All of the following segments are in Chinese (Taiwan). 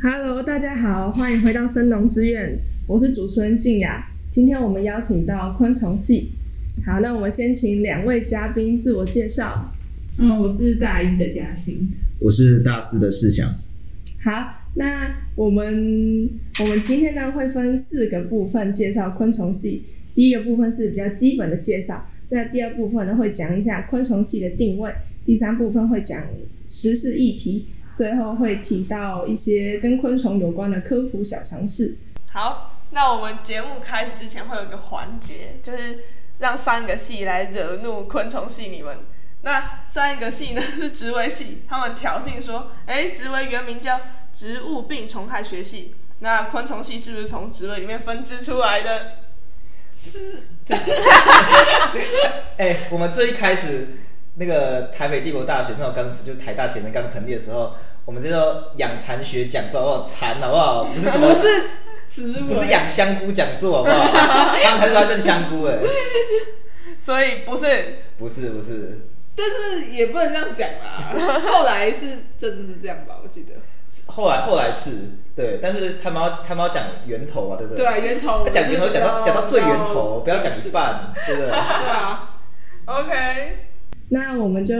Hello，大家好，歡迎回到生農之院。我是主持人俊雅。今天我們邀請到昆蟲系，好，那我們先請兩位嘉賓自我介紹。嗯，我是大一的嘉興，我是大四的思祥。好，那我們我們今天呢會分四個部分介紹昆蟲系。第一個部分是比較基本的介紹，那第二部分呢會講一下昆蟲系的定位，第三部分會講。時事議題，最後會提到一些跟昆蟲有關的科普小常識。好，那我們節目開始之前會有一個環節，就是讓三個系來惹怒昆蟲系你們。那三個系呢是植微系，他們挑釁說：“哎、欸，植微原名叫植物病蟲害學系。”那昆蟲系是不是從植微裡面分支出來的？是。哎 欸，我們這一開始。那個台北帝國大學那，那時候剛就台大前身剛成立的時候，我們叫做養蠶學講座，好不好？蠶好不好？不是什麼？不是植物，不是養香菇講座，好不好？ 當時他認香菇、欸，哎， 所以不是，不是不是，不是但是也不能這樣講啦。 後來是真的是這樣吧？我記得後來後來是對，但是他們要他們要講源頭啊，對不對，對？對啊，源頭。他講源頭，講到講到最源頭，不要講一半，是對不對，對？對啊 ，OK。那我們就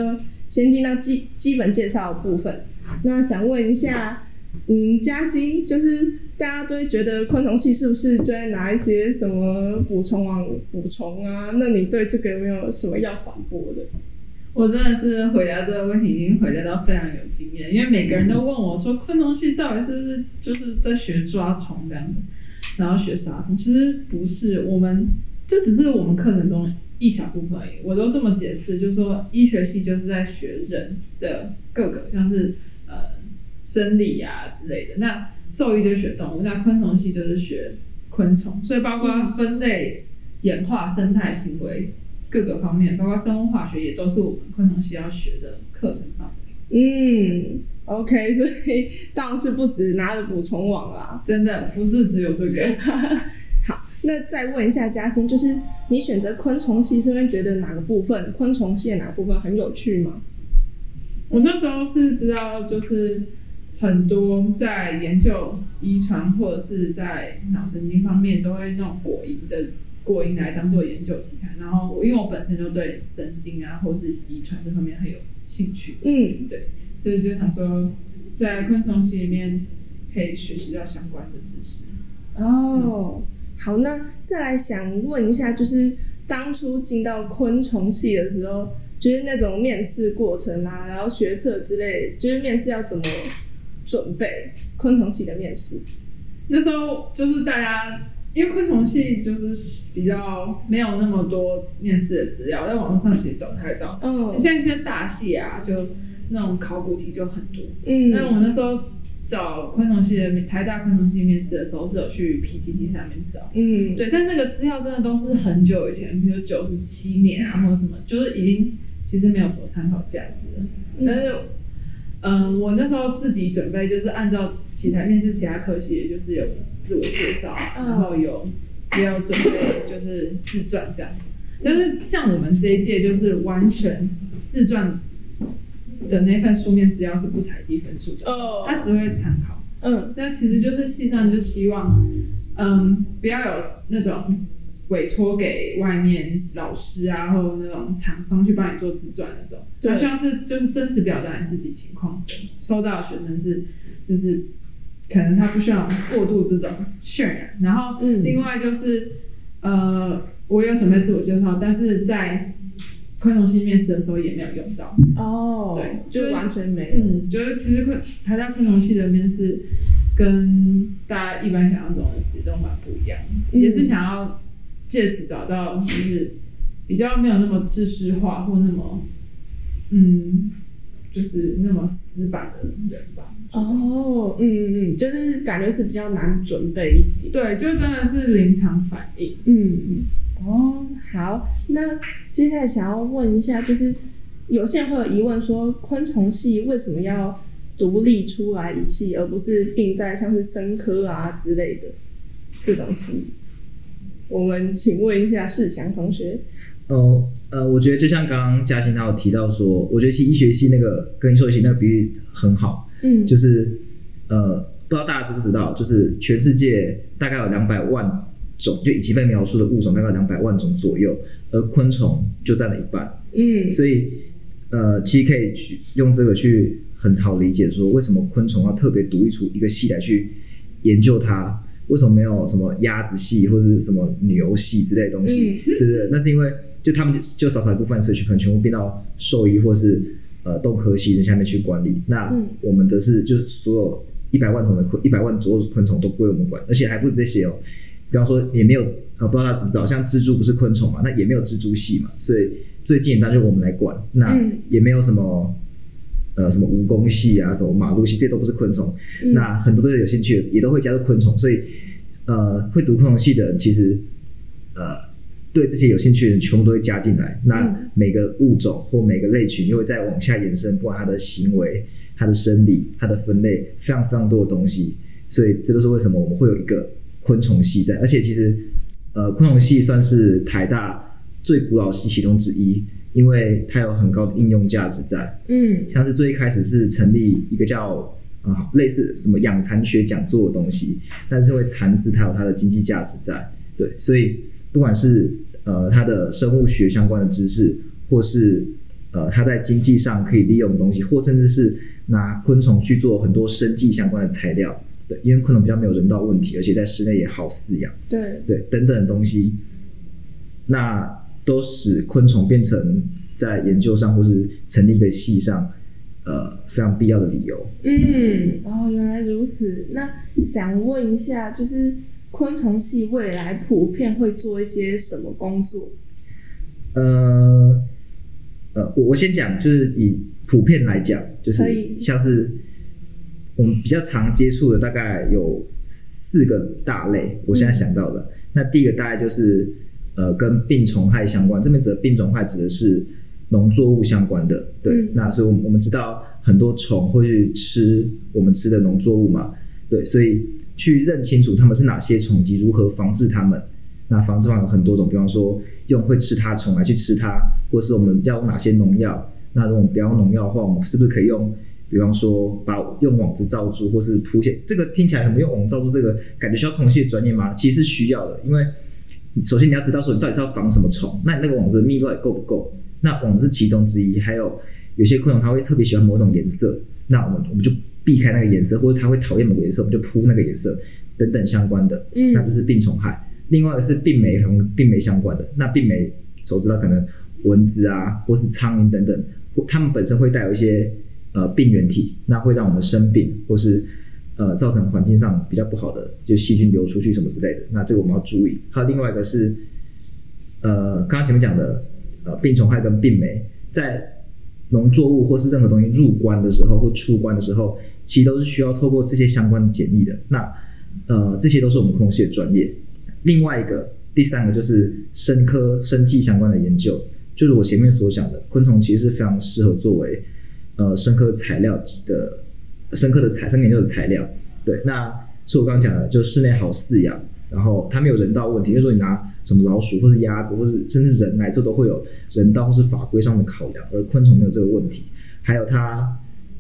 先進到基基本介紹部分。那想問一下，嗯，嘉欣，就是大家都會覺得昆蟲系是不是就在拿一些什麼捕蟲網啊、捕蟲啊？那你對這個有沒有什麼要反駁的？我真的是回答這個問題已經回答到非常有經驗，因為每個人都問我說，昆蟲系到底是不是就是在學抓蟲這樣的，然後學殺蟲？其實不是，我們。這只是我們課程中一小部分而已，我都這麼解釋，就是說醫學系就是在學人的各個，像是呃生理呀、啊、之類的。那獸醫就是學動物，那昆蟲系就是學昆蟲，所以包括分類、嗯、演化、生態、行為各個方面，包括生物化學也都是我們昆蟲系要學的課程範圍。嗯，OK，所以當然是不止拿着捕蟲網啦，真的不是只有這個。 那再問一下嘉欣，就是你選擇昆蟲系，是因為覺得哪個部分昆蟲系的哪個部分很有趣嗎？我那時候是知道，就是很多在研究遺傳或者是在腦神經方面，都會用果蠅的果蠅來當做研究題材。然後我因為我本身就對神經啊或是遺傳這方面很有興趣，嗯，對，所以就想說，在昆蟲系裡面可以學習到相關的知識哦。嗯好，那再來想問一下，就是當初進到昆蟲系的時候，就是那種面試過程啊，然後學測之類，就是面試要怎麼準備昆蟲系的面試？那時候就是大家，因為昆蟲系就是比較沒有那麼多面試的資料，在網絡上其實找不太到。嗯、哦，像一些大系啊，就那種考古題就很多。嗯，那我那時候。找昆蟲系的台大昆蟲系面試的時候是有去 PTT 上面找。嗯，對，但那個資料真的都是很久以前，比如九十七年啊或什麼，就是已經其實沒有什麼參考價值，嗯，但是，嗯，我那時候自己準備就是按照其他面試其他科系，也就是有自我介紹，哦，然後有，也有準備就是自傳這樣子。但是像我們這一屆就是完全自傳，的那份書面資料是不採集分數的，哦，oh, okay. 他只會參考。嗯，那其實就是系上就是希望，嗯，不要有那種委託給外面老師啊，或那種廠商去幫你做自傳那種。對，希望是就是真實表達你自己情況。收到學生是就是可能他不需要過度這種渲染。然後，嗯，另外就是，嗯、呃，我有準備自我介紹，但是在。昆蟲系面試的時候也沒有用到哦，oh, 對，就是、就完全沒嗯，覺、就、得、是、其實昆台大昆蟲系的面試跟大家一般想象中的其實都蠻不一樣，mm hmm. 也是想要借此找到就是比較沒有那麼知識化或那麼嗯，就是那麼死板的人吧。哦，嗯嗯嗯，就是感覺是比較難準備一點，對，就真的是臨場反應，嗯嗯，哦，好，那接下來想要問一下，就是有些人會有疑問說，說昆蟲系為什麼要獨立出來一系，而不是並在像是生科啊之類的這種系？我們請問一下世祥同學，哦。呃，我覺得就像剛剛嘉欣她有提到說，我覺得其實醫學系那個跟獸醫系那個比喻很好，嗯，就是呃，不知道大家知不知道，就是全世界大概有兩百萬種就已經被描述的物種，大概兩百萬種左右，而昆蟲就占了一半，嗯，所以呃，其實可以去用這個去很好理解說，為什麼昆蟲要特別獨立出一個系來去研究它，為什麼沒有什麼鴨子系或是什麼牛系之類的東西，嗯、對不對？那是因為。就他們就少少一部分族群，可能全部變到獸醫或是呃動科系的下面去管理。那我們則是就是所有一百萬種的昆一百萬左右的昆蟲都歸我們管，而且還不止這些哦。比方說也沒有呃不知道大家知不知道，像蜘蛛不是昆蟲嘛，那也沒有蜘蛛系嘛。所以最近當然我們來管，那也沒有什麼呃什麼蜈蚣系啊，什麼馬陸系，這些都不是昆蟲。嗯、那很多都有興趣也都會加入昆蟲，所以呃會讀昆蟲系的人其實呃。對這些有興趣的人全部都會加進來。那每個物種或每個類群又會再往下延伸，不管它的行為、它的生理、它的分類，非常非常多的東西。所以這都是為什麼我們會有一個昆蟲系在。而且其實，呃，昆蟲系算是台大最古老系其中之一，因為它有很高的應用價值在。嗯，像是最一開始是成立一個叫啊、呃、類似什麼養蠶學講座的東西，但是會蠶絲它有它的經濟價值在，對，所以。不管是呃它的生物學相關的知識，或是呃它在經濟上可以利用的東西，或甚至是拿昆蟲去做很多生技相關的材料，對，因為昆蟲比較沒有人道問題，而且在室內也好飼養，對對等等的東西，那都使昆蟲變成在研究上或是成立一個系上，呃非常必要的理由。嗯，哦，原來如此。那想問一下，就是。昆蟲系未來普遍會做一些什麼工作？呃，呃，我我先講，就是以普遍來講，就是像是我們比較常接觸的，大概有四個大類。我現在想到的，嗯，那第一個大概就是呃，跟病蟲害相關。這邊指的病蟲害指的是農作物相關的，對。嗯，那所以，我們我們知道很多蟲會去吃我們吃的農作物嘛，對，所以。去認清楚他們是哪些蟲以及如何防治它們。那防治方法有很多種，比方說用會吃它蟲來去吃它，或是我們要用哪些農藥。那如果不要用農藥的話，我們是不是可以用？比方說把用網子罩住，或是鋪些。這個聽起來很沒有用網罩住這個感覺需要農學專業嗎？其實是需要的，因為首先你要知道說你到底是要防什麼蟲，那你那個網子的密度夠不夠？那網子是其中之一，還有有些昆蟲它會特別喜歡某種顏色，那我們我們就。避開那個顏色，或者他會討厭某個顏色，我們就鋪那個顏色，等等相關的，嗯、那這是病蟲害。另外的是病媒和病媒相關的，那病媒，手指道可能蚊子啊，或是蒼蠅等等，或它們本身會帶有一些呃病原體，那會讓我們生病，或是呃造成環境上比較不好的，就細菌流出去什麼之類的，那這個我們要注意。還有另外一個是，呃，剛剛前面講的，呃，病蟲害跟病媒在。農作物或是任何東西入關的時候或出關的時候，其實都是需要透過這些相關的檢疫的。那呃，這些都是我們昆蟲系的專業。另外一個、第三個就是生科生技相關的研究，就是我前面所講的昆蟲其實是非常適合作為呃生科材料的、生科的材、生研究的材料。對，那是我剛剛講的，就室內好飼養。然後它沒有人道問題，就是說你拿什麼老鼠或是鴨子，或是甚至人來做，都會有人道或是法規上的考量。而昆蟲沒有這個問題，還有它，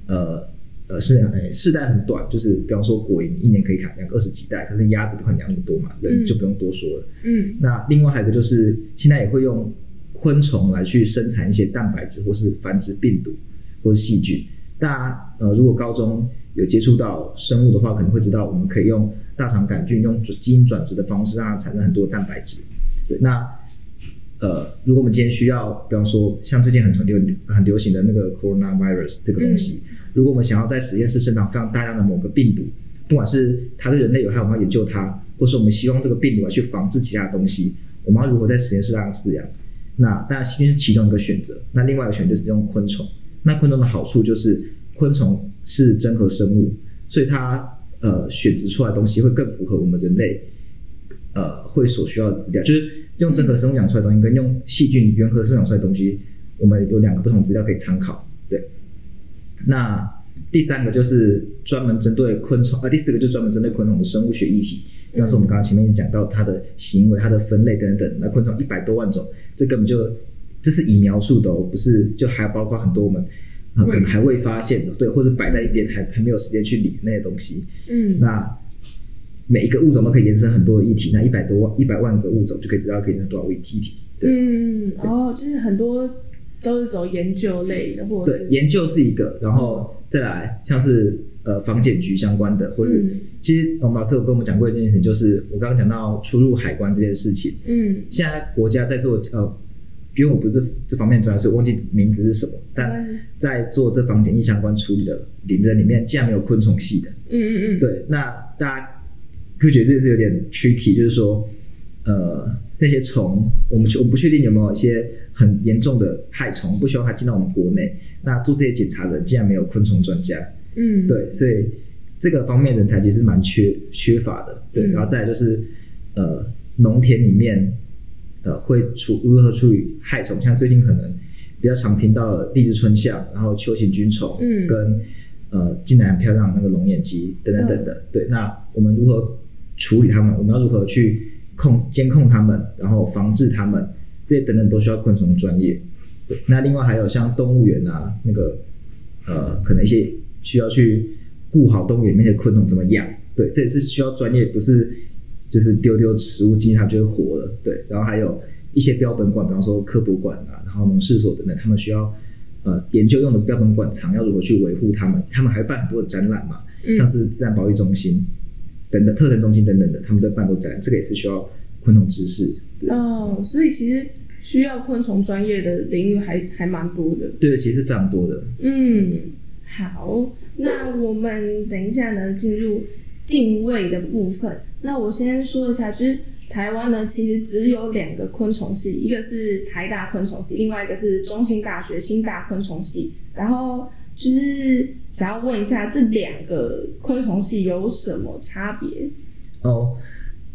呃呃，是誒，世代很短，就是比方說果蠅一年可以養個二十幾代，可是鴨子不可能養那麼多嘛，人就不用多說了。嗯。那另外還有一個就是，現在也會用昆蟲來去生產一些蛋白質，或是繁殖病毒，或是細菌。大家呃，如果高中有接觸到生物的話，可能會知道我們可以用。大腸桿菌，用基因轉植的方式讓它產生很多的蛋白質。那呃，如果我們今天需要，比方說，像最近很傳流很流行的那個 coronavirus 這個東西，嗯、如果我們想要在實驗室生長非常大量的某個病毒，不管是它對人類有害，我們要研究它，或是我們希望這個病毒去防治其他東西，我們要如何在實驗室當中飼養？那當然，是其中一個選擇。那另外一個選擇是用昆蟲。那昆蟲的好處就是昆蟲是真核生物，所以它。呃，選擇出來的東西會更符合我們人類，呃，會所需要的資料，就是用真核生物養出來的東西，跟用細菌原核生長出來的東西，我們有兩個不同資料可以參考。對，那第三個就是專門針對昆蟲，啊、呃，第四個就專門針對昆蟲的生物學議題，比方說我們剛剛前面講到它的行為、它的分類等等。那昆蟲一百多萬種，這根本就這是以描述的、哦，不是就還包括很多我們，可能還未發現的，置對，或者擺在一邊，還還沒有時間去理那些東西。嗯，那每一個物種都可以延伸很多的議題，那一百多萬一百萬個物種就可以知道可以有多少個議題。嗯，哦，對就是很多都是走研究類的，對，研究是一個，然後再來像是呃防檢局相關的，或是、嗯、其實我、哦、老師有跟我們講過一件事情，就是我剛剛講到出入海關這件事情。嗯，現在國家在做呃。因為我不是這方面專家，所以我忘記名字是什麼。但在做這方面檢疫相關處理的裡面，裡面竟然沒有昆蟲系的。嗯嗯嗯。對，那大家會覺得這是有點 tricky，就是說，呃，那些蟲，我們我不確定有沒有一些很嚴重的害蟲，不希望它進到我們國內。那做這些檢查的人竟然沒有昆蟲專家。嗯。對，所以這個方面人才其實是蠻缺缺乏的。對。然後再來就是，呃，農田裡面。呃，會處如何處理害蟲？像最近可能比較常聽到的荔枝椿象，然後秋行軍蟲，嗯，跟呃近來很漂亮的那個龍眼雞等、等等等的，嗯、對。那我們如何處理它們？我們要如何去控監控它們，然後防治它們這些等等，都需要昆蟲專業。對。那另外還有像動物園啊，那個呃，可能一些需要去顧好動物園那些昆蟲怎麼養，對，這也是需要專業，不是。就是丟丟食物進去，它就會活了。對，然後還有一些標本館，比方說科博館啊，然後農事所等等，他們需要、呃、研究用的標本館藏要如何去維護他們，他們還辦很多的展覽嘛，嗯、像是自然保育中心等等、特展中心等等的，他們都辦很多展覽，這個也是需要昆蟲知識。哦，所以其實需要昆蟲專、專業的領域還還蠻多的。對，其實是非常多的。的嗯，好，那我們等一下呢，進入。定位的部分，那我先說一下，就是台灣呢，其實只有兩個昆蟲系，一個是台大昆蟲系，另外一個是中興大學興大昆蟲系。然後就是想要問一下，這兩個昆蟲系有什麼差別？哦，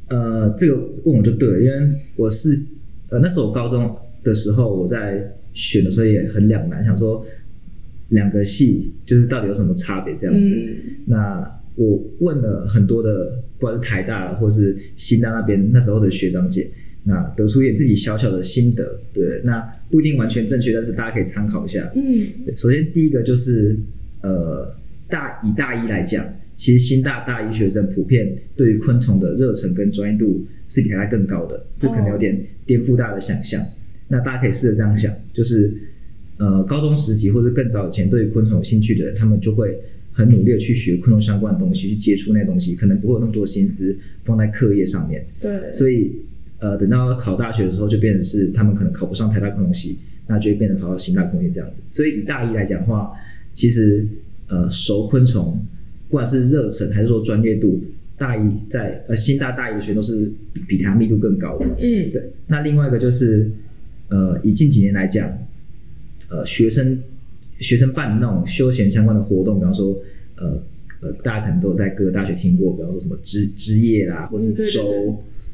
呃，這個問我就對了，因為我是呃那時候我高中的時候我在選的時候也很兩難，想說兩個系就是到底有什麼差別這樣子，嗯、那。我問了很多的，不管是台大或是新大那邊，那時候的學長姐，那得出一點自己小小的心得，對，那不一定完全正確，但是大家可以參考一下。嗯，首先第一個就是，呃，大以大一來講，其實新大大一學生普遍對於昆蟲的熱忱跟專業度是比台大更高的，這可能有點顛覆大的想象。哦。那大家可以試着這樣想，就是，呃，高中時期或者更早以前對於昆蟲有興趣的人，他們就會。很努力的去學昆蟲相關的東西，去接觸那些東西，可能不會有那麼多心思放在課業上面。對，所以，呃，等到考大學的時候，就變成是他們可能考不上台大昆蟲系，那就會變成跑到新大昆蟲系這樣子。所以以大一來講的話，其實，呃，熟昆蟲，不管是熱忱還是說專業度，大一在呃新大大一的學生都是比它密度更高的。嗯，嗯，對。那另外一個就是，呃，以近幾年來講，呃，學生。學生辦那種休閒相關的活動，比方說，呃呃，大家可能都有在各個大學聽過，比方說什麼之之夜啦，或是周，嗯、對對對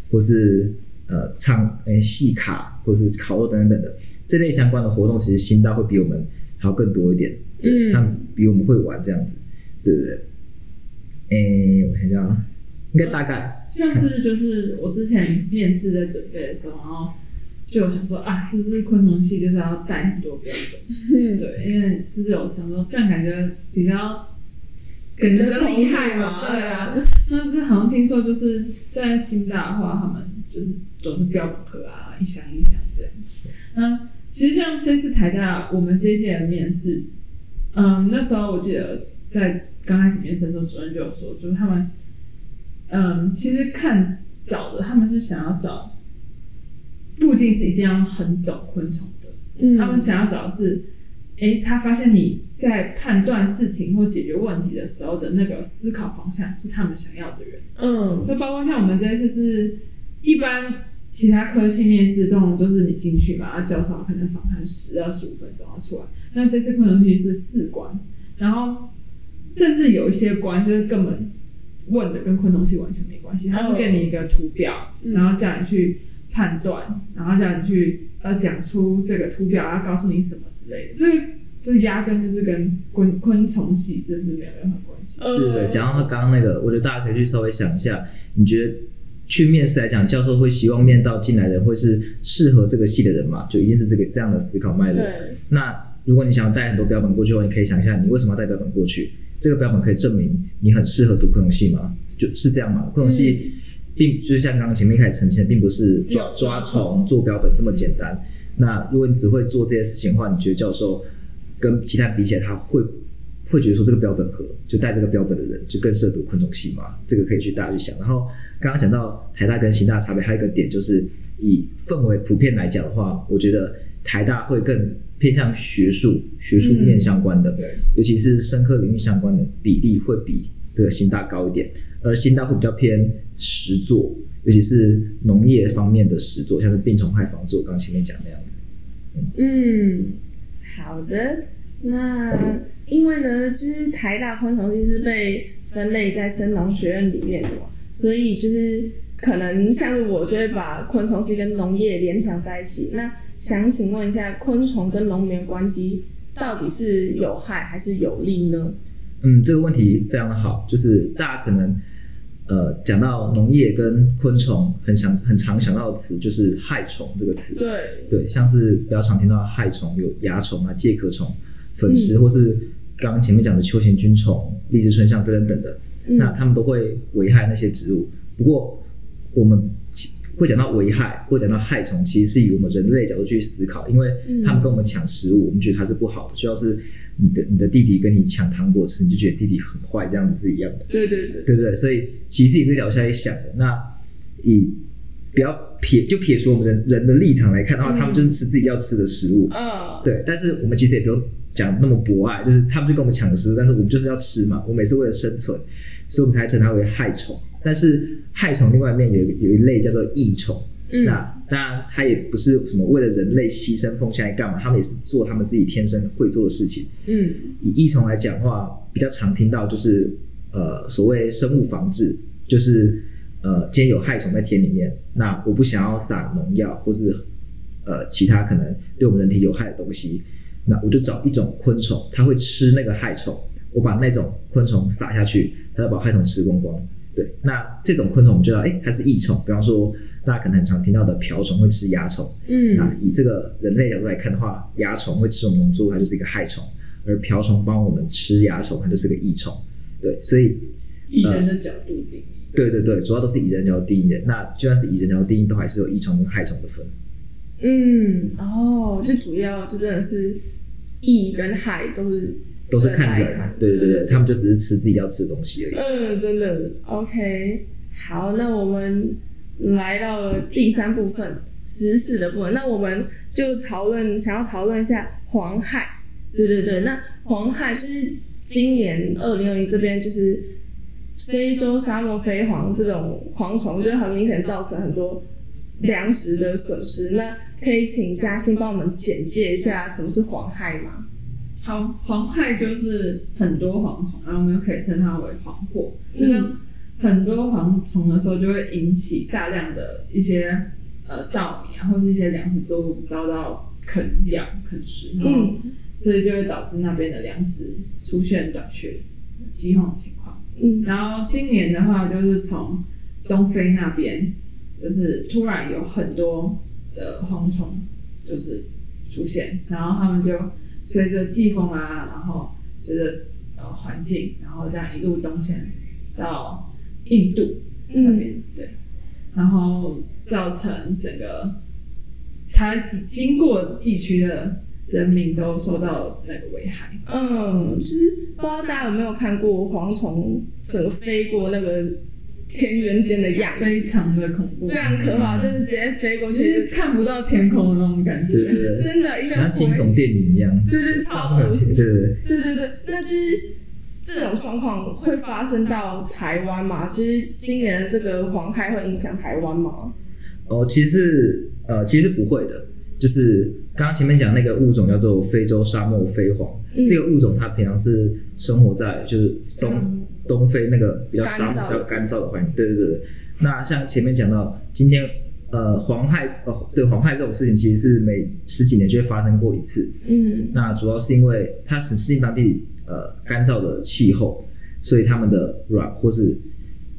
或是呃唱誒戲卡，或是烤肉等等等，等的這類相關的活動，其實新道會比我們還要更多一點，嗯，他們比我們會玩這樣子，對不對？誒，我想想應該大概、嗯、像是就是我之前面試在準備的時候，嗯、然後。就我想說啊，是不是昆蟲系就是要帶很多標本？嗯、對，因為就是我想說，這樣感覺比較感覺比較厲害嘛了。對啊，但、啊、是好像聽說就是在新大的話，他們就是都是標本盒啊，嗯、一箱一箱這樣。那其實像這次台大我們這一屆的面試，嗯，那時候我記得在剛開始面試的時候，主任就有說，就是他們嗯，其實看找的他們是想要找。不一定是一定要很懂昆蟲的，他們想要找的是，哎、嗯欸，他發現你在判斷事情或解決問題的時候的那個思考方向是他們想要的人。嗯，那包括像我們這一次是，一般其他科系面試這種，就是你進去把他叫上，可能訪談十到十五分鐘要出來。那這次昆蟲系是四關，然後甚至有一些關就是根本問的跟昆蟲系完全沒關係，他是給你一個圖表，嗯、然後叫你去。判斷，然後叫你去呃講出這個圖表，要告訴你什麼之類的，這這壓根就是跟昆昆蟲系這是沒有任何關係的。對，對對，講到他剛剛那個，我覺得大家可以去稍微想一下，你覺得去面試來講，教授會希望面到進來的人，會是適合這個系的人嘛？就一定是這個這樣的思考脈絡。對那如果你想要帶很多標本過去的話，你可以想一下，你為什麼要帶標本過去？這個標本可以證明你很適合讀昆蟲系嗎？就是這樣嘛，昆蟲系。嗯並就像剛剛前面一開始澄清的，並不是抓抓蟲做標本這麼簡單。那如果你只會做這些事情的話，你覺得教授跟其他比起來，他會會覺得說這個標本盒就帶這個標本的人，就更適合讀昆蟲系嗎？這個可以去大家去想。然後剛剛講到台大跟興大差別，還有一個點就是以氛圍普遍來講的話，我覺得台大會更偏向學術、學術面相關的，嗯、尤其是生科領域相關的比例會比這個興大高一點。呃，而新大會比較偏實作，尤其是農業方面的實作，像是病蟲害防治，我剛前面講那樣子。嗯，嗯，好的。那因為呢，就是台大昆蟲系是被分類在生農學院裡面的，所以就是可能像我就會把昆蟲系跟農業聯想在一起。那想請問一下，昆蟲跟農民的關係到底是有害還是有利呢？嗯，這個問題非常的好，就是大家可能呃講到農業跟昆蟲，很想很常想到的詞就是害蟲這個詞。對對，像是比較常聽到害蟲有蚜蟲啊、介殼蟲、粉蝨或是剛剛前面講的秋行軍蟲、荔枝椿象等等的，嗯、那他們都會危害那些植物。不過我們會講到危害，會講到害蟲，其實是以我們人類角度去思考，因為他們跟我們搶食物，我們覺得它是不好的，主要是。你的你的弟弟跟你搶糖果吃，你就覺得弟弟很壞，這樣子是一樣的，對對對，對不對？所以其實自己這個角度來想的，那以比較撇就撇除我們的人，人的立場來看的話，他們就是吃自己要吃的食物，嗯，對。但是我們其實也不用講那麼博愛，就是他們就跟我們搶的食物，但是我們就是要吃嘛，我每次為了生存，所以我們才稱它為害蟲。但是害蟲另外一面有有一類叫做益蟲。那、嗯、當然，它也不是什麼為了人類犧牲奉獻來幹嘛，他們也是做他們自己天生會做的事情。嗯，以益蟲來講的話，比較常聽到就是，呃，所謂生物防治，就是，呃，今天有害蟲在田裡面，那我不想要撒農藥或是，呃，其他可能對我們人體有害的東西，那我就找一種昆蟲，它會吃那個害蟲，我把那種昆蟲撒下去，它就把害蟲吃光光。對，那這種昆蟲我們知道，哎、欸，它是益蟲。比方說，大家可能很常聽到的瓢蟲會吃蚜蟲，嗯，以這個人類的角度來看的話，蚜蟲會吃我們農作物，它就是一個害蟲，而瓢蟲幫我們吃蚜蟲，它就是一個益蟲。對，所以以、呃、人的角度定義。對對對，主要都是以人角度定義的。那就算是以人角度定義，都還是有益蟲跟害蟲的分。嗯，哦，最主要就真的是益跟害都是，都是看一看，對對對，他們就只是吃自己要吃的東西而已。嗯、呃，真的。OK，好，那我們來到了第三部分，時事、嗯、的部分。那我們就討論，想要討論一下蝗害。對對對，那蝗害就是今年二零二零這邊就是非洲沙漠飛蝗這種蝗蟲，就是、很明顯造成很多糧食的損失。那可以請嘉興幫我們簡介一下什麼是蝗害嗎？好，蝗害就是很多蝗蟲，然後我們就可以稱它為蝗禍。嗯，就當很多蝗蟲的時候，就會引起大量的一些呃稻米，啊，或是一些糧食作物遭到啃咬啃食，嗯，所以就會導致那邊的糧食出現短缺激、饑荒的情況。嗯，然後今年的話，就是從東非那邊，就是突然有很多的蝗蟲，就是出現，然後他們就。隨着季風啊，然後隨着呃環境，然後這樣一路東遷到印度那邊，嗯、對，然後造成整個它經過地區的人民都受到那個危害。嗯，就是不知道大家有沒有看過蝗蟲整個飛過那個。田園間的樣子，非常的恐怖，非常可怕，就是直接飛過去，看不到天空的那種感覺，真的，因為像驚悚電影一樣。對對對對對對對對，對那就是這種狀況會發生到台灣嗎？就是今年的這個蝗災會影響台灣嗎？哦，其實呃，其實不會的，就是剛剛前面講那個物種叫做非洲沙漠飛蝗、嗯、這個物種它平常是生活在就是松。嗯東非那個比較沙漠、乾燥，比較乾燥的環境，對對對，那像前面講到，今天呃蝗害，哦，對蝗害這種事情，其實是每十幾年就會發生過一次。嗯，那主要是因為它是適應當地呃乾燥的氣候，所以它們的卵或是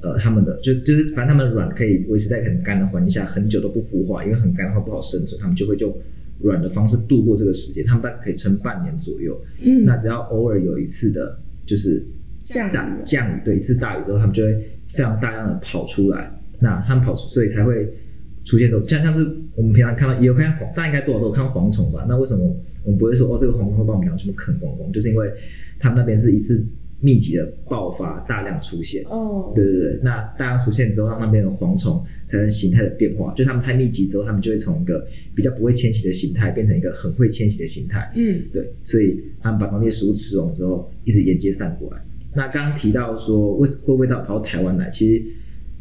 呃它們的就就是反正它們的卵可以維持在很乾的環境下很久都不孵化，因為很乾的話不好生存，它們就會用卵的方式度過這個時間，它們大概可以撐半年左右。嗯，那只要偶爾有一次的，就是。降雨，降雨，對，一次大雨之後，他們就會非常大量的跑出來。那他們跑出，所以才會出現這種。像是我們平常看到，也有看到蝗，但應該多少都有看到蝗蟲吧？那為什麼我們不會說哦，這個蝗蟲會把我們糧什麼啃光光？就是因為他們那邊是一次密集的爆發，大量出現。哦，oh. 對對對。那大量出現之後，那那邊的蝗蟲才能形態的變化。就他們太密集之後，他們就會從一個比較不會遷徙的形態，變成一個很會遷徙的形態。嗯，對。所以他們把那些食物吃完之後，一直沿街散過來。那剛剛提到說，為什麼會不會到跑到台灣來？其實，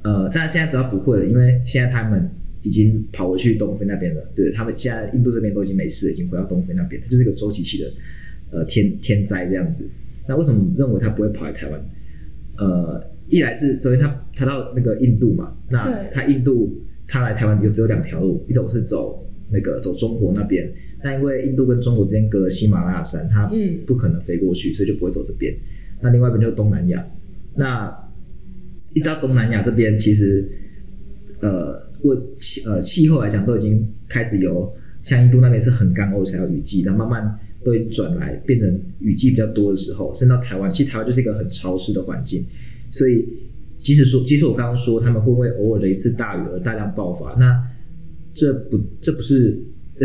呃，但現在只要不會了，因為現在他們已經跑回去東非那邊了。對，他們現在印度這邊都已經沒事，已經回到東非那邊，就是一個周期性的，呃，天天災這樣子。那為什麼認為他不會跑來台灣？呃，一來是首先他他到那個印度嘛，那他印度他來台灣就只有兩條路，一種是走那個走中國那邊，但因為印度跟中國之間隔了喜馬拉雅山，他不可能飛過去，嗯、所以就不會走這邊。那另外一邊就是東南亞，那一到東南亞這邊，其實，呃，我氣呃氣候來講，都已經開始由像印度那邊是很乾，偶才有雨季，那慢慢都會轉來變成雨季比較多的時候。甚至到台灣，其實台灣就是一個很潮濕的環境，所以即使說，即使我剛剛說他們會不會偶爾的一次大雨而大量爆發，那這不這不是，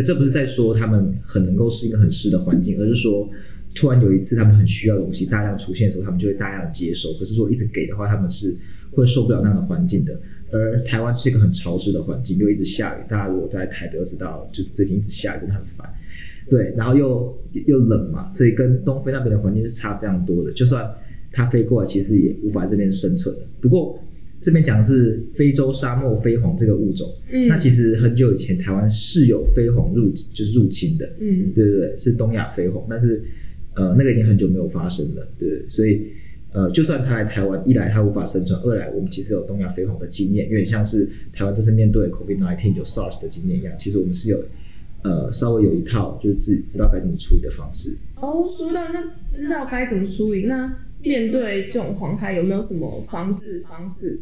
這不是在說他們很能夠是一個很濕的環境，而是說。突然有一次，他們很需要東西大量出現的時候，他們就會大量接受。可是如果一直給的話，他們是會受不了那樣的環境的。而台灣是一個很潮濕的環境，又一直下雨。大家如果在台北都知道，就是最近一直下雨，真的很煩。對，然後又又冷嘛，所以跟東非那邊的環境是差非常多的。就算它飛過來，其實也無法這邊生存的。不過這邊講的是非洲沙漠飛蝗這個物種，嗯，那其實很久以前台灣是有飛蝗入就是入侵的。嗯，對對對，是東亞飛蝗，但是。呃，那個已經很久沒有發生了，對，所以，呃，就算他來台灣，一來他無法生存，二來我們其實有東亞飛蝗的經驗，有點像是台灣這次面對 COVID-19 有 SARS 的經驗一樣，其實我們是有，呃，稍微有一套就是自己知道該怎麼處理的方式。哦，說到那知道該怎麼處理，那面對這種蝗害有沒有什麼防治方式？方式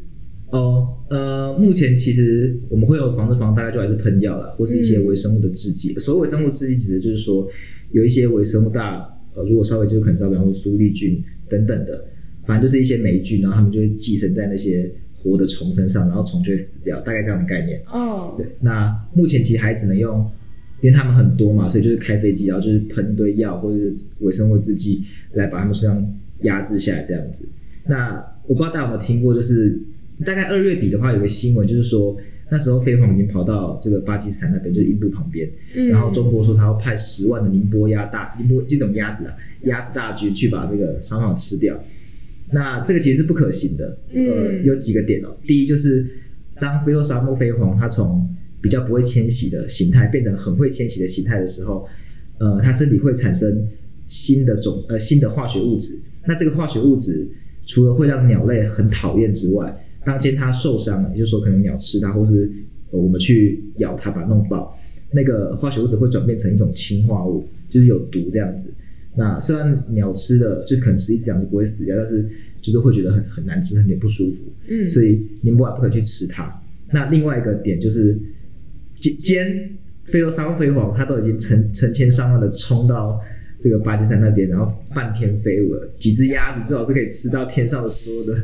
哦，呃，目前其實我們會有防治方，大概就還是噴藥了，或是一些微生物的制劑。嗯、所謂微生物制劑，其實就是說有一些微生物大。呃，如果稍微就是可能知道，比方說蘇力菌等等的，反正就是一些霉菌，然後它們就會寄生在那些活的蟲身上，然後蟲就會死掉，大概這樣的概念。哦，oh. 對。那目前其實還只能用，因為它們很多嘛，所以就是開飛機，然後就是噴一堆藥或者是微生物製劑來把它們身上壓制下來，這樣子。那我不知道大家有沒有聽過，就是大概二月底的話，有個新聞就是說。那時候飛蝗已經跑到這個巴基斯坦那邊，就是印度旁邊。嗯、然後中國說他要派十萬的寧波鴨大，寧波這種鴨子啊，鴨子大軍去把這個沙漠吃掉。那這個其實是不可行的，呃，有幾個點哦、喔。嗯、第一就是，當非洲沙漠飛蝗它從比較不會遷徙的形態變成很會遷徙的形態的時候，呃，它身體會產生新的種呃新的化學物質。那這個化學物質除了會讓鳥類很討厭之外，當今天它受傷了，也就是說，可能鳥吃它，或是我們去咬它把它弄爆，那個化學物質會轉變成一種氰化物，就是有毒這樣子。那雖然鳥吃的，就是可能吃一隻兩隻就不會死掉，但是就是會覺得很很難吃，有點不舒服。嗯，所以你不還不可去吃它。那另外一個點就是，今天非洲沙漠飛蝗它都已經成成千上萬的衝到。這個巴基斯坦那邊，然後漫天飛舞了幾隻鴨子，至少是可以吃到天上的所有的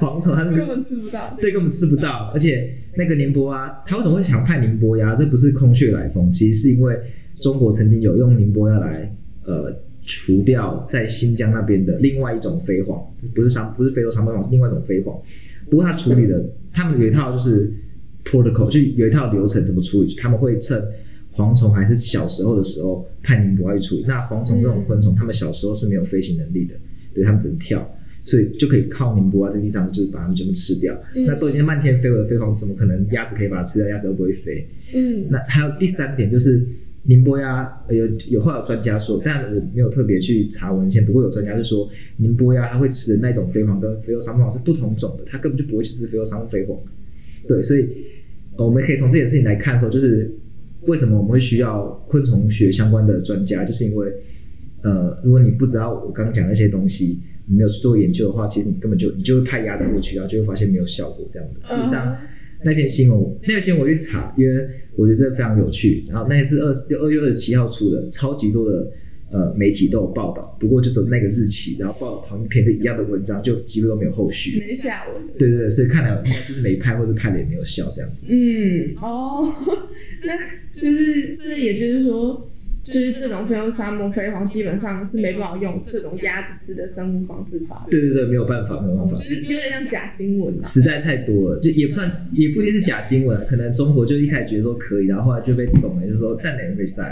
蝗蟲、嗯，它、就是根本吃不到，對，根本吃不到。對對而且那個寧波鴨，它為什麼會想派寧波鴨？這不是空穴來風，其實是因為中國曾經有用寧波鴨來呃除掉在新疆那邊的另外一種飛蝗，不是長不是非洲長鼻蝗，是另外一種飛蝗。不過它處理的，對他們有一套就是 protocol，對就有一套流程怎麼處理，他們會趁。蝗蟲還是小時候的時候，派寧波鴨去處理。那蝗蟲這種昆蟲，它、嗯、們小時候是沒有飛行能力的，對，它們只能跳，所以就可以靠寧波鴨，這地方，就是把它們全部吃掉。嗯、那都已經漫天飛了的飛蝗，怎麼可能鴨子可以把它吃掉？鴨子又不會飛。嗯。那還有第三點就是，寧波鴨有有後來有專家說，但我沒有特別去查文獻，不過有專家就說，寧波鴨它會吃的那種飛蝗跟非洲沙漠蝗是不同種的，它根本就不會去吃非洲沙漠飛蝗。對，所以我們可以從這件事情來看說，就是。為什麼我們會需要昆蟲學相關的專家？就是因為，呃，如果你不知道我剛剛講那些東西，你沒有去做研究的話，其實你根本就你就會派鴨子過去，然後就會發現沒有效果這樣子。事實上，那篇新聞，那篇新聞我去查，因為我覺得這非常有趣。然後那也是二二月二十七號出的，超級多的。呃，媒體都有報道，不過就走那個日期，然後報同一篇的一樣的文章，就幾乎都沒有後續，沒下文。對對對，所以看來應該就是沒拍，或者拍了也沒有笑這樣子。嗯，哦，那就是，所以也就是說。就是這種非洲沙漠飛蝗，基本上是沒辦法用這種鴨子式的生物防治法。對對。對對對，沒有辦法，沒有辦法，嗯。就是有點像假新聞啊。實在太多了，就也不算，嗯、也不一定是假新聞，新聞可能中國就一開始覺得說可以，然後後來就被懂了，就說蛋奶也被曬。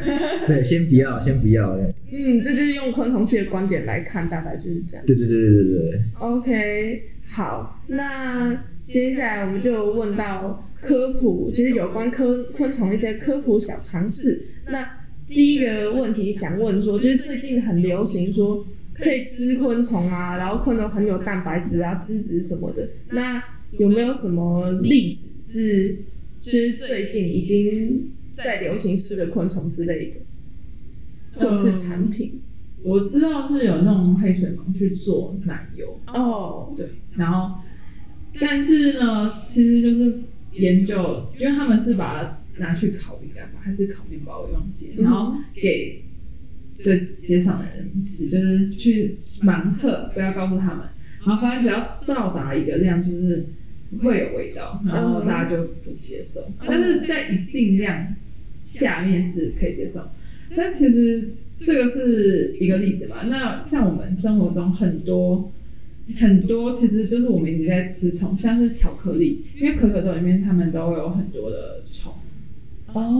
對，先不要，先不要。嗯，這就是用昆蟲學的觀點來看，大概就是這樣。對對對對對對。OK，好，那接下來我們就問到科普，其、就是有關科昆蟲一些科普小常識。那第一個問題想問說，就是最近很流行說可以吃昆蟲啊，然後昆蟲很有蛋白質啊、脂質什麼的。那有沒有什麼例子是就是最近已經在流行吃的昆蟲之類的？或者是產品？嗯，我知道是有那種黑水虻去做奶油哦，對。然後，但是呢，其實就是研究，因為他們是把。拿去烤餅乾吧，還是烤麵包用？用、嗯，然後給這街上的人吃，就是去盲測，不要告訴他們。嗯、然後反正只要到達一個量，就是會有味道，嗯、然後大家就不接受。嗯、但是在一定量下面是可以接受。但其實這個是一個例子嘛？那像我們生活中很多很多，其實就是我們一直在吃蟲，像是巧克力，因為可可豆裡面它們都有很多的蟲。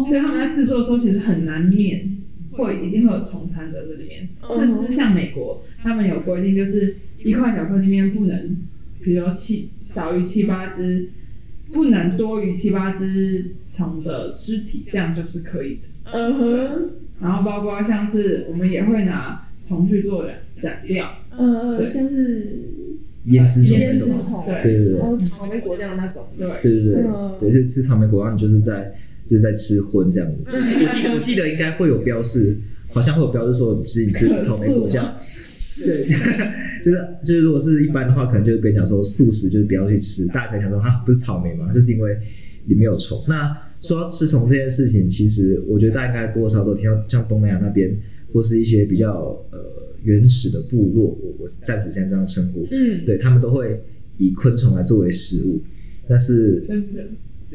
所以他們在製作的時候，其實很難免，會一定會有蟲殘的在這裡面。甚至像美國，他們有規定，就是一塊小塊裡面不能，比如七少於七八隻，不能多於七八隻蟲的屍體，這樣就是可以的。嗯哼。然後包括像是我們也會拿蟲去做染料。嗯、呃，像是。胭脂蟲。胭脂蟲。對哦，草莓果醬那種。對對對對。有些、嗯、吃草莓果醬就是在。就是在吃葷這樣子，嗯、我記得我記得應該會有標示，好像會有標示說你吃你吃草莓果醬，嗎對，就是就是如果是一般的話，可能就是跟你講說素食就是不要去吃，大家可以想說哈，不是草莓嗎？就是因為裡面有蟲。那說到吃蟲這件事情，其實我覺得大家應該多少都聽到，像東南亞那邊或是一些比較呃原始的部落，我我暫時先這樣稱呼，嗯，對他們都會以昆蟲來作為食物，但是真的。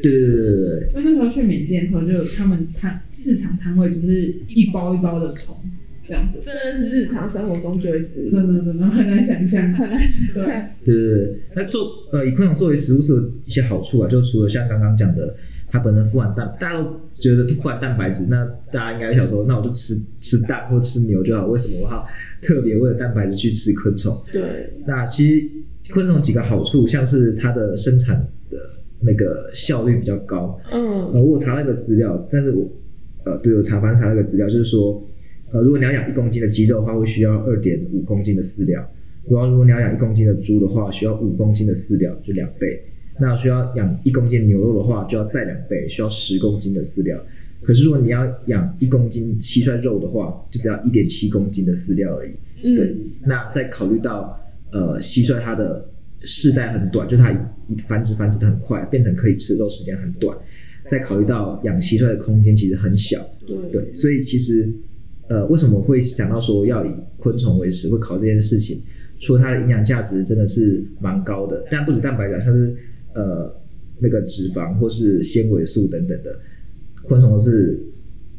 對對對對對，那時候去緬甸的時候，就他們攤市場攤位就是一包一包的蟲這樣子，真的是日常生活中就會吃，真的真的很難想象，很難想象。對對對，對， 對，對，對，那做呃以昆蟲作為食物，一些好處啊，就除了像剛剛講的，它本身富含蛋，大家都覺得富含蛋白質，那大家應該想說，那我就吃吃蛋或吃牛就好，為什麼我要特別為了蛋白質去吃昆蟲？對，對那其實昆蟲有幾個好處，像是它的生產的。那個效率比較高。嗯，oh, 呃，我查了一個資料，但是我，呃，對，我查翻查了一個資料，就是說，呃，如果你要養一公斤的雞肉的話，會需要二點五公斤的飼料。然後如果你要養一公斤的豬的話，需要五公斤的飼料，就兩倍。那需要養一公斤牛肉的話，就要再兩倍，需要十公斤的飼料。可是如果你要養一公斤蟋蟀肉的話，就只要一點七公斤的飼料而已。嗯，對，那再考慮到，呃，蟋蟀它的。世代很短，就它繁殖、繁殖的很快，變成可以吃肉時間很短。再考慮到養蟋蟀的空間其實很小，對，所以其實呃，為什麼會想到說要以昆蟲為食，會考這件事情？除了它的營養價值真的是蠻高的，但不止蛋白質，像是呃那個脂肪或是纖維素等等的，昆蟲是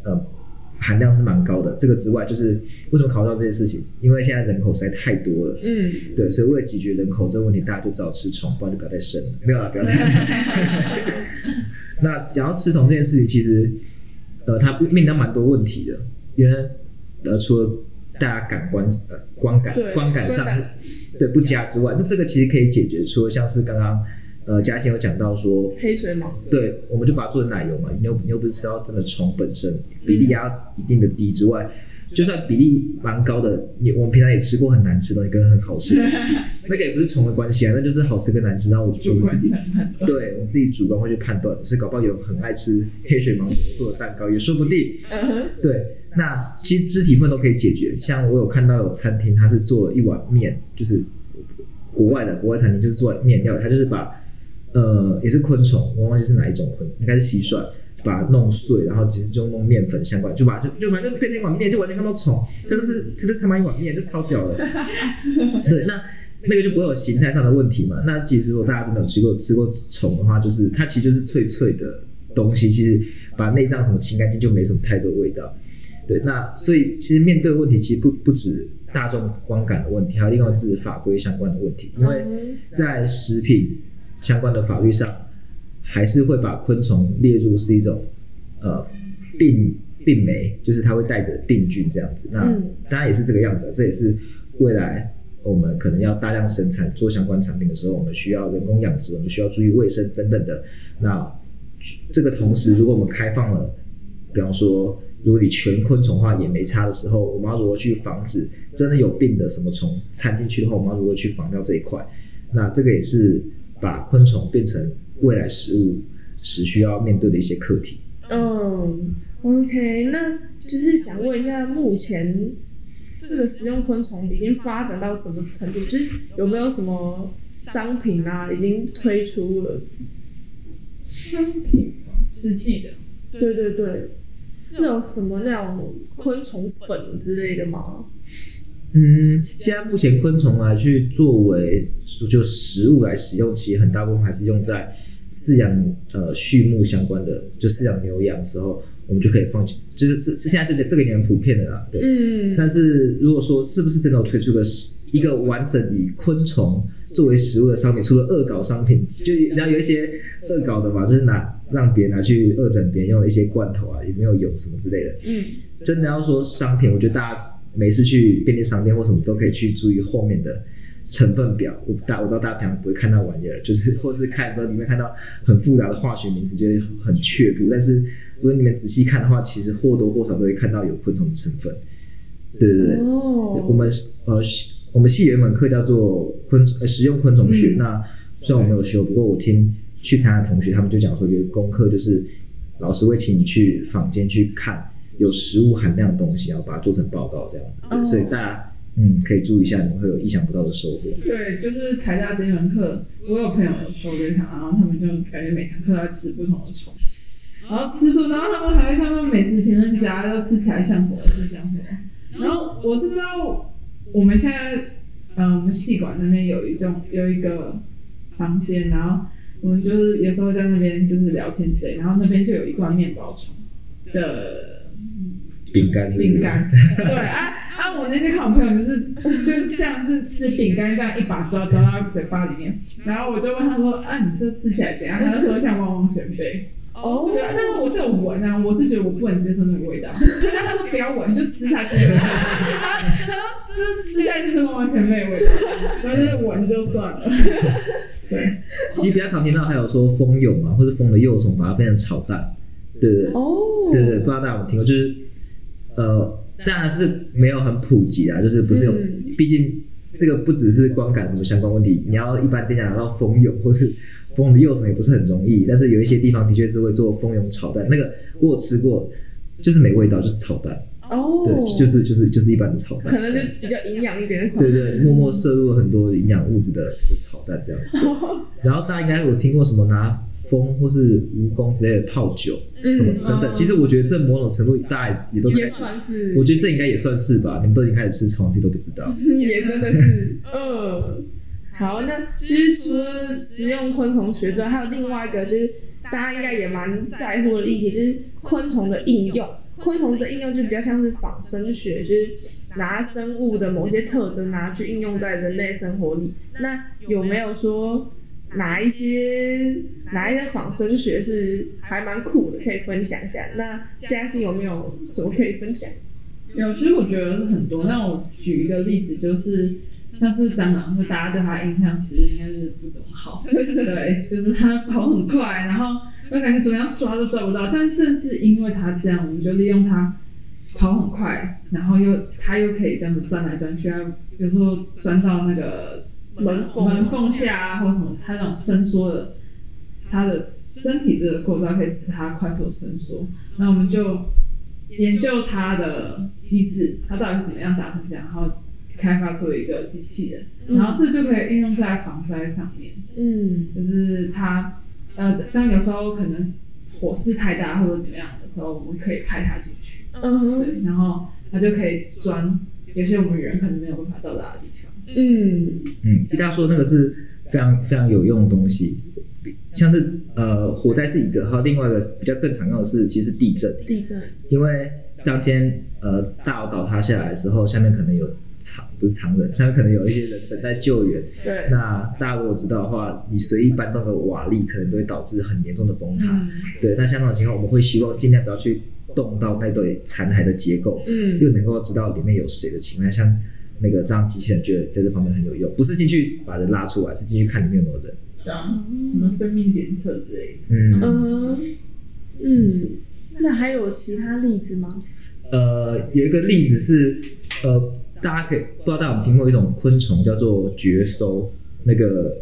呃。含量是蠻高的。這個之外，就是為什麼考慮到這件事情，因為現在人口實在太多了。嗯，對，所以為了解決人口這個問題，大家就只好吃蟲，不然就不要再生了。沒有啦，不要再生。那想要吃蟲這件事情，其實，呃，它面臨到蠻多問題的，因為呃，除了大家感官呃觀感對觀感上對，對，對不佳之外，對那這個其實可以解決，除了像是剛剛。呃，嘉欣有講到說黑水虻，對，嗯、我們就把它做成奶油嘛。你又、嗯、你又不是吃到真的蟲本身、嗯、比例壓一定的低之外，就算，就算比例蠻高的，你我們平常也吃過很難吃的東西跟很好吃的東西，嗯、那個也不是蟲的關係啊，那就是好吃跟難吃，那我就我你自己、嗯、對，我們自己主觀會去判斷，嗯、所以搞不好有很愛吃黑水虻做的蛋糕，也說不定。嗯、哼對，那其實肢體部分都可以解決，像我有看到有餐廳，他是做一碗麵，就是國外的國外餐廳就是做麵料，他就是把。呃，也是昆蟲，我忘記是哪一種昆，應該是蟋蟀，把它弄碎，然後其實就弄麵粉相關，就把它就反正變成一碗麵，就完全看不到蟲，就是它就差一碗麵，就超屌了。對，那那個就不會有形態上的問題嘛。那其實如果大家真的有吃過吃過蟲的話，就是它其實就是脆脆的東西，其實把內臟什麼清乾淨就沒什麼太多味道。對，那所以其實面對問題，其實不不止大眾觀感的問題，還有另外是法規相關的問題，因為在食品。相關的法律上，還是會把昆蟲列入是一種，呃，病病媒，就是它會帶着病菌這樣子。那當然也是這個樣子，這也是未來我們可能要大量生產做相關產品的時候，我們需要人工養殖，我們需要注意衛生等等的。那這個同時，如果我們開放了，比方說，如果你全昆蟲化也沒差的時候，我們要如何去防止真的有病的什麼蟲摻進去的話，我們要如何去防掉這一塊？那這個也是把昆蟲變成未來食物時需要面對的一些課題。嗯、oh, OK，那就是想問一下，目前這個食用昆蟲已經發展到什麼程度？就是有沒有什麼商品啊已經推出了？商品實際的，對對對，是有什麼那種昆蟲粉之類的嗎？嗯，現在目前昆蟲來、啊、去作為就食物來使用，其實很大部分還是用在飼養呃畜牧相關的，就飼養牛羊的時候，我們就可以放，就是這現在這個、這個也很普遍的啦，對。嗯。但是如果說是不是真的有推出一個一個完整以昆蟲作為食物的商品，除了惡搞商品，就你知道有一些惡搞的嘛，就是拿讓別人拿去惡整別人用的一些罐頭啊，有沒有蛹什麼之類的。嗯。真的要說商品，我覺得大家。每次去便利商店或什麼都可以去注意後面的成分表。我大我知道大家平常不會看那玩意兒，就是或是看之後裡面看到很複雜的化學名詞就會很卻步。但是如果你們仔細看的話，其實或多或少都會看到有昆蟲的成分，對不對？哦、我們呃系我們系有一門課叫做昆呃食用昆蟲學。嗯、那雖然我沒有修，不過我聽去參加的同學他們就講說，有功課就是老師會請你去坊間去看。有食物含量的東西要把它做成報告這樣子，oh. 所以大家嗯可以注意一下，你們會有意想不到的收穫。對，就是台大這一門課，我有朋友說給他，然後他們就感覺每堂課要吃不同的蟲，然後吃出，然後他們還會看到美食評論家，然後吃起來像什麼吃像什麼。然後我是知道我們現在嗯就系館那邊有一棟有一個房間，然後我們就是有時候在那邊就是聊天之類，然後那邊就有一罐麵包蟲的。餅乾，餅乾，對， 對啊啊！我那些好朋友就是就是像是吃餅乾這樣，一把抓抓到嘴巴裡面。對然後我就問他說：“啊，你這吃起來怎樣？”他就說像蜂蜂：“像旺旺仙貝。”哦，但那我是有聞啊，我是覺得我不能接受那個味道。對， 他說：“不要聞，就吃下去。”哈哈然後就是吃下去是旺旺仙貝味道， 但是聞就算了。 對，其實比較常聽到還有說蜂蛹啊，或者蜂的幼蟲把它變成炒蛋，對不、oh. 對？哦，對對，不知道大家有聽過就是。呃，當然是沒有很普及啊，就是不是有，嗯、畢竟這個不只是觀感、什麼相關問題，你要一般店家拿到蜂蛹或是蜂蛹的幼蟲也不是很容易，但是有一些地方的確是會做蜂蛹炒蛋，那個我有吃過，就是沒味道，就是炒蛋。哦，oh, 對，就是就是就是一般的炒蛋，蛋，可能就比較營養一點的炒。對，對對，默默攝入了很多營養物質的炒蛋這樣子。Oh. 然後大家應該有聽過什麼拿蜂或是蜈蚣之類的泡酒，嗯、什麼等等。嗯、其實我覺得這某種程度大家也都可以也算是，我覺得這應該也算是吧。你們都已經開始吃蟲子都不知道， 也真的是哦。 噢好，那就是除了食用昆蟲學之外，還有另外一個就是大家應該也蠻在乎的一點，就是昆蟲的應用。昆蟲的應用就比較像是仿生學，就是拿生物的某些特徵拿去應用在人類生活裡。那有沒有說哪一些哪一些仿生學是還蠻酷的，可以分享一下？那嘉欣有沒有什麼可以分享？有，其實我覺得很多。那我舉一個例子，就是像是蟑螂，大家對它印象其實應該是不怎麼好，對對對，就是它跑很快，然後。那感覺怎麼樣抓都抓不到，但是正是因為它這樣，我們就利用它跑很快，然後又它又可以這樣子鑽來鑽去，啊，有時候鑽到那個門門縫下啊，下，或者什麼，它這種伸縮的，它的身體的構造可以使它快速的伸縮。嗯，那我們就研究它的機制，它到底是怎麼樣達成這樣，然後開發出一個機器人，嗯，然後這就可以應用在防災上面。嗯，就是它。呃，但有時候可能火勢太大或者怎麼樣的時候，我們可以派他進去，uh huh. 對，然後他就可以鑽，有些我們人可能沒有辦法到達的地方。嗯嗯，其、嗯、他說那個是非常非常有用的東西，像是呃火災是一個，還有另外一個比較更常用的是其實地震，地震，因為當天呃炸倒塌下來的時候，下面可能有。常不是常人，像可能有一些人等待救援。 對，那大家如果知道的話，你隨意搬動的瓦礫，可能都會導致很嚴重的崩塌。嗯、對，那像那種情況，我們會希望儘量不要去動到那堆殘骸的結構。嗯，又能夠知道裡面有誰的情況，像那個這樣機器人，覺得在這方面很有用。不是進去把人拉出來，是進去看裡面有沒有人。嗯、什麼生命檢測之類的。嗯嗯，那還有其他例子嗎？呃，有一個例子是，呃。大家可以不知道，大家有沒有聽過一種昆蟲叫做蠼螋？那個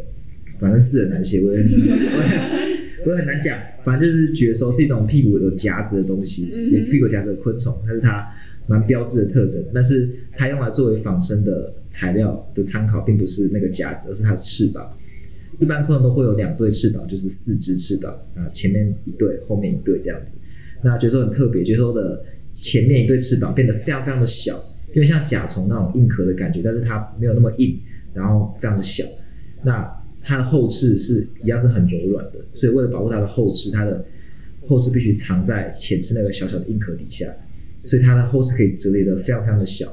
反正字很難寫，我很 我很難講。反正就是蠼螋是一種屁股有夾子的，的東西，有屁股夾子的昆蟲，它是它蠻標誌的特徵。但是它用來作為仿生的材料的參考，並不是那個夾子，而是它的翅膀。一般昆蟲都會有兩對翅膀，就是四只翅膀，啊，前面一對，後面一對這樣子。那蠼螋很特別，蠼螋的前面一對翅膀變得非常非常的小。因為像甲蟲那種硬殼的感覺，但是它沒有那麼硬，然後這樣子小，那它的後翅是一樣是很柔軟的，所以為了保護它的後翅，它的後翅必須藏在前翅那個小小的硬殼底下，所以它的後翅可以折疊的非常非常的小，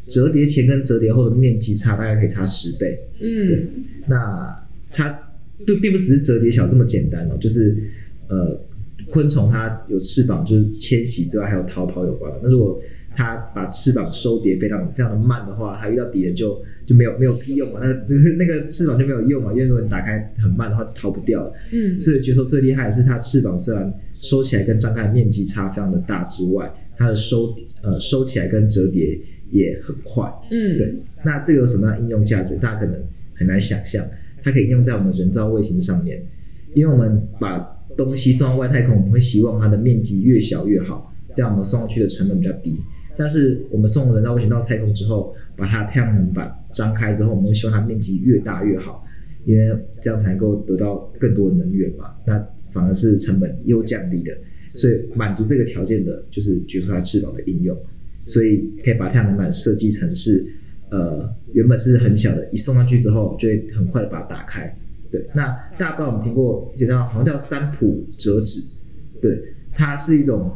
折疊前跟折疊後的面積差大概可以差十倍。嗯，那它就並不只是折疊小這麼簡單哦、喔，就是呃昆蟲它有翅膀，就是遷徙之外還有逃跑有關，那如果它把翅膀收疊非常非常的慢的話，它遇到敵人就就沒有沒有屁用嘛，那個，就是那個翅膀就沒有用嘛，因為如果你打開很慢的話，逃不掉了。嗯，所以據說最厲害的是，它翅膀雖然收起來跟張開的面積差非常的大之外，它的收呃收起來跟折疊也很快。嗯，對。那這個有什麼樣的應用價值？大家可能很難想象，它可以應用在我們人造衛星上面，因為我們把東西送到外太空，我們會希望它的面積越小越好，這樣我們送上去的成本比較低。但是我們送人造衛星到太空之後，把它太陽能板張開之後，我們會希望它面積越大越好，因為這樣才能夠得到更多能源嘛。那反而是成本又降低的，所以滿足這個條件的就是舉出它翅膀的應用，所以可以把太陽能板設計成是，呃，原本是很小的，一送上去之後就會很快的把它打開。對，那大家不知道我們聽過一種叫好像叫三浦折紙，對，它是一種。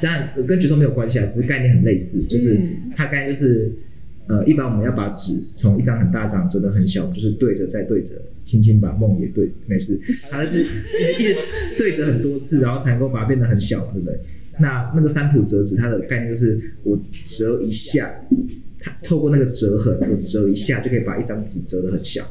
但跟角色沒有關係啊，只是概念很類似。嗯、就是它概念就是，呃，一般我們要把紙從一張很大張折得很小，就是對折再對折，輕輕把夢也對，沒事，它是就是一直一直對折很多次，然後才能夠把它變得很小，對不對？那那個三浦折紙它的概念就是，我折一下，它透過那個折痕，我折一下就可以把一張紙折得很小。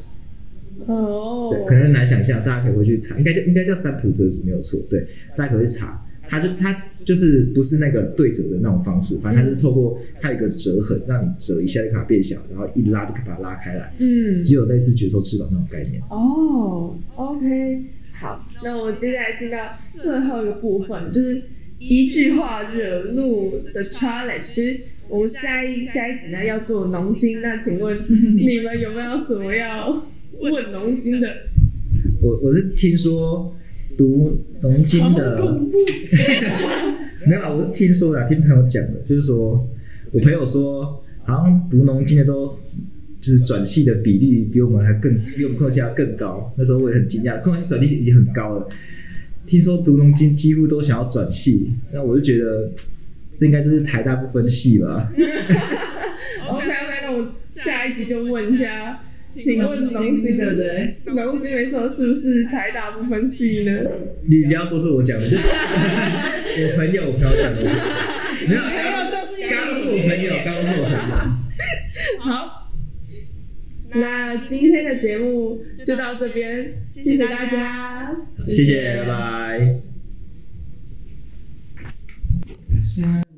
哦對，可能很難想象，大家可以回去查，應該就應該叫三浦折紙沒有錯，對，大家可以去查。它就它就是不是那個對折的那種方式，反正它就是透過它有個折痕，讓你折一下就卡變小，然後一拉就把它拉開來，嗯，就有類似舉手翅膀那種概念。哦，OK，好，那我們接下來進到最後一個部分，就是一句話惹怒的 challenge，就是我們下一下一集呢要做農經，那請問你們有沒有什麼要問農經的？ 我我是聽說。讀農經的，沒有、啊， 我是聽說的、啊，聽朋友講的，就是說，我朋友說，好像讀農經的都就是轉系的比例比我們還更，比我們昆系還更高。那時候我也很驚訝，昆系轉系已經很高了，聽說讀農經幾乎都想要轉系，那我就覺得這應該就是台大部分系吧。 OK OK，那我下一集就問一下。請問農金對不對？農金沒錯，的是不是台大不分系呢？你不要說是我講的，就是，是我朋友幫我講的。沒有，就是剛我朋友剛剛是我。啊、 好， 那今天的節目就到這邊，謝謝大家，謝謝，謝謝拜拜。